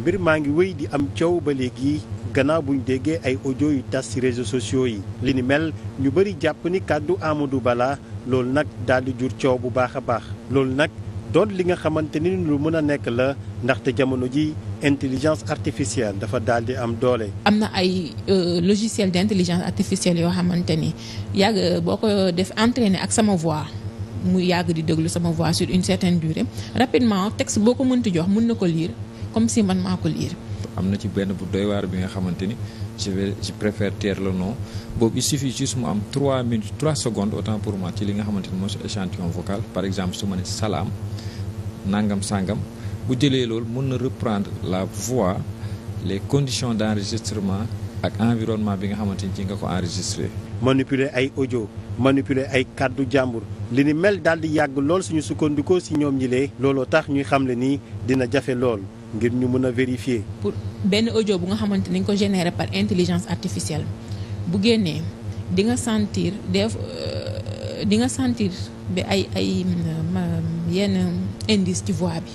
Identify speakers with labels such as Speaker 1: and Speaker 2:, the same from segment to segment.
Speaker 1: mbir maa ngi wéy di am coow ba léegi gannaaw buñ déggee ay audio yu tas ci réseau sociaux yi li ni mel ñu bëri jàpp ni kàddu Amadou Ba balaa loolu nag daal di jur coow bu baax a baax loolu nag doon li nga xamante ni lu mën a nekk la ndaxte jamono ji intelligence artificielle dafa daal di am doole.
Speaker 2: am na ay euh, logiciel d'intelligence artificielle yoo xamante ni yàgg boo ko def entraîner ak sama voix mu yàgg di déglu sama voix sur une certaine durée rapidement texte boo ko mënti jox mën na ko lire. comme si man maa ko liir.
Speaker 3: am na ci benn bu doy waar bi nga xamante ni je vais je préfère taire le nom boobu il suffit juste mu am 3 minutes 3 secondes autant pour moi ci li nga xamante ni mooy échantillon vocal par exemple su ma ne salaam nangam sangam bu jëlee loolu mën na reprendre la voix les conditions d' enregistrement ak environnement bi nga xamante ni ci nga ko enregistré.
Speaker 1: manipuler ay ojo manipuler ay kàddu jàmbur li ni mel daal di yàgg lool suñu sukkandikoo si ñoom ñi lee looloo tax ñuy xam le nii dina jafe lool. ngir ñu mun a vérifier.
Speaker 2: pour benn audio bu nga xamante ni ko généré par intelligence artificielle bu génnee di nga sentir def euh, di nga sentir bi ay ay yenn indice ci voix bi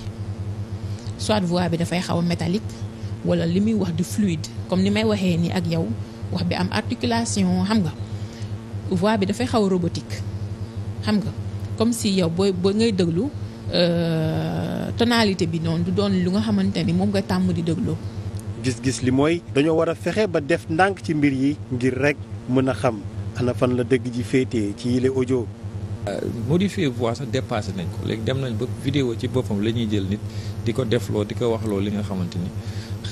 Speaker 2: soit voix bi dafay xaw a métallique wala li muy wax di fluide comme ni may waxee nii ak yow wax bi am articulation xam nga voix bi dafay xaw a robotique xam nga comme si yow booy boo ngay déglu. Euh, tonalité bi noonu du doon lu nga xamante ni moom nga tàmm di dégloo.
Speaker 1: gis-gis li mooy dañoo war a fexe ba def ndànk ci mbir yi ngir rek mën a xam ana la dëgg ji féetee ci yile audio. Euh, modifier voix sax dépassé nañ ko
Speaker 3: léegi dem nañ ba vidéo ci boppam la ñuy jël nit di ko def loo di ko waxloo li nga xamante ni.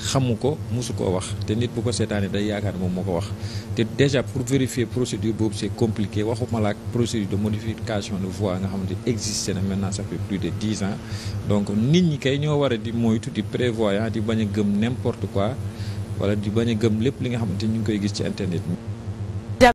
Speaker 3: xamu ko musu koo wax te nit bu ko seetaanee day yaakaar ne moom moo ko wax te déjà pour vérifier procédure boobu c'est compliqué waxuma la ak procédure de modification de voie nga xamante existe na maintenant ça fait plus de dix ans donc nit ñi kay ñoo war a di moytu di prévoyant di bañ a gëm n'importe quoi wala di bañ a gëm lépp li nga xamante ni ñu ngi koy gis ci internet mi